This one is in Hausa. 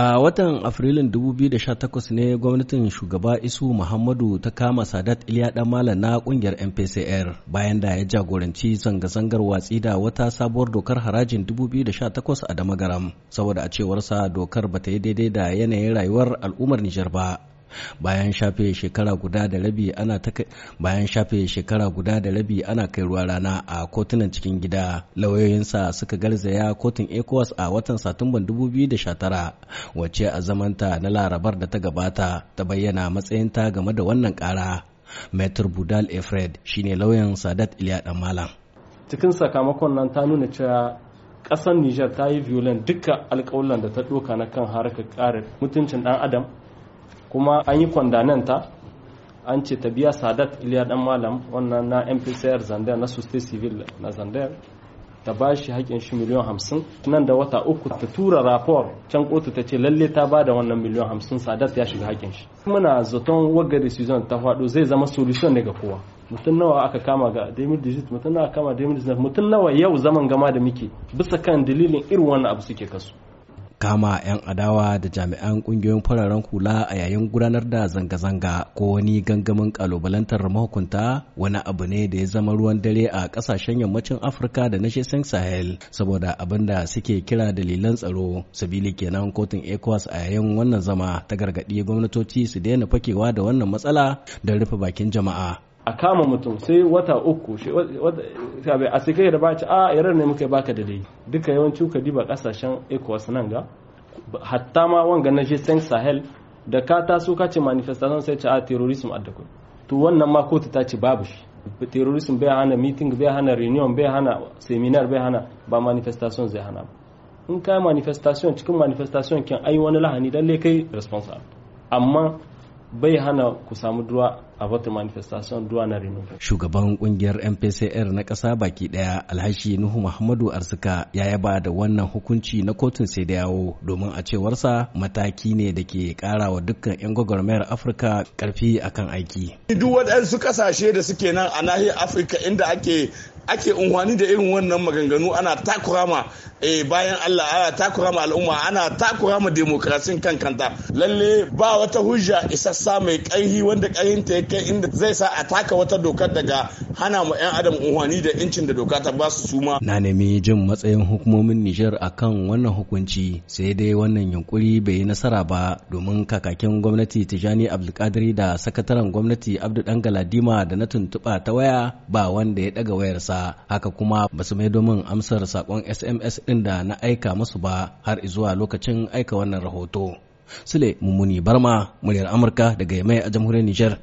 A watan Afrilun 2018 ne gwamnatin shugaba Isu Muhammadu ta kama Sadat Iliya Malam na kungiyar MPCR bayan da ya jagoranci zanga-zangar watsi da wata sabuwar dokar harajin 2018 a Damagaram saboda a cewarsa dokar ba ta yi daidai da yanayin rayuwar al'ummar Nijar ba. bayan shafe shekara guda da rabi ana bayan shafe shekara guda da rabi ana kai ruwa rana a kotunan cikin gida lauyoyinsa suka garzaya kotun ecowas a watan satumban 2019 wacce a zamanta na larabar da ta gabata ta bayyana matsayinta game da wannan kara metr budal efred shine lauyan sadat iliya dan malam cikin sakamakon nan ta nuna cewa ƙasar niger ta yi violent duka alkawalan da ta ɗauka na kan harkar ƙarin mutuncin dan adam kuma an yi kwandananta an ce ta biya sadat iliya dan malam wannan na mpcr zandar na suste civil na zandar ta ba shi haƙin shi miliyan hamsin nan da wata uku ta tura rapor can kotu ta ce lalle ta ba da wannan miliyan hamsin sadat ya shiga haƙin shi muna zaton waga decision ta faɗo zai zama solution ne ga kowa mutum nawa aka kama ga demir digit mutum nawa kama demir mutum nawa yau zaman gama da muke bisa kan dalilin irin wannan abu suke kasu kama 'yan adawa da jami'an kungiyoyin fararen hula a yayin gudanar da zanga-zanga ko wani gangamin kalubalantar mahukunta wani abu ne da ya zama ruwan dare a kasashen yammacin afirka da na shesan sahel saboda abin da suke kira dalilan tsaro sabili kenan kotun ecowas a yayin wannan zama ta gargadi gwamnatoci su daina fakewa da wannan matsala don rufe bakin jama'a a kama mutum sai wata uku a sai da baci a ah, irar ne muka baka da dai duka yawanci ka diba kasashen ecowas nan ga hatta ma wanga na jason sahel da ka taso ka ce manifestation sai ce a ah, terrorism addakun to wannan ma kotu ta ce babu shi terrorism bai hana meeting bai hana reunion bai hana seminar bai hana ba manifestation zai hana ba in ka manifestation cikin manifestation kin ai wani lahani lalle kai responsible amma bai hana ku samu duwa a votre manifestation doit la Shugaban kungiyar MPCR na ƙasa baki ɗaya Alhashi Nuhu Muhammadu Arzika ya yaba da wannan hukunci na kotun sai da yawo domin a cewarsa mataki ne da ke ƙara wa dukkan 'yan gwagwarmayar Afirka ƙarfi akan aiki. Duk waɗansu ƙasashe da suke nan a nahiyar Afirka inda ake ake unwani da irin wannan maganganu ana takurama eh, bayan Allah ana takurama al'umma ana takurama demokrasin kan kanta lalle ba wata hujja isassa mai ƙarfi wanda ƙarfinta ya kai inda zai sa a taka wata dokar daga hana mu 'yan adam unhwani da incin da doka ta basu suma. Na nemi jin matsayin hukumomin Nijar akan wannan hukunci sai dai wannan yunkuri bai yi nasara ba domin kakakin gwamnati Tijani Abdulkadir da sakataren gwamnati Abdul Dangala Galadima da na tuntuɓa ta waya ba wanda ya ɗaga wayarsa haka kuma ba su maido min amsar sakon SMS ɗin da na aika musu ba har zuwa lokacin aika wannan rahoto. Sule Mummuni Barma, muryar Amurka daga Yamai a jamhuriyar Nijar.